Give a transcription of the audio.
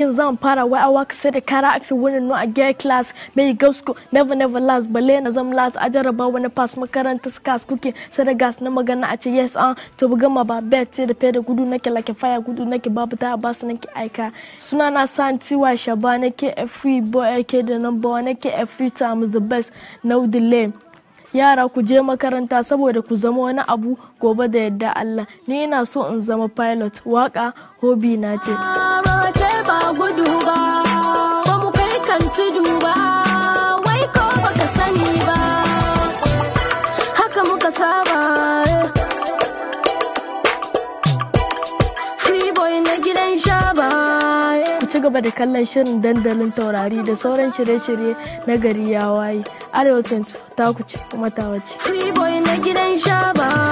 Yin zan fara wai awa kasa da kara fi wurin nuna a gay class mai gasko never never last bale na zam last a jaraba wani pass makaranta kas kuke sai da gas na magana a ce yes an ah. ta bu gama ba bet sai da fede gudu nake like fire gudu nake babu ta ba su nake aika suna na san tiwa shaba na ke free boy ke da number one nake a free time is the best no delay yara ku je makaranta saboda ku zama wani abu gobe da yadda Allah ni ina so in zama pilot waka hobi na ce. tudu ba wai ko baka sani ba haka muka saba boy na gidan shaba ku ci gaba da kallon shirin dandalin taurari da sauran shirye-shirye na gari ya waye arewa ta ku ce kuma ta wace boy na gidan shaba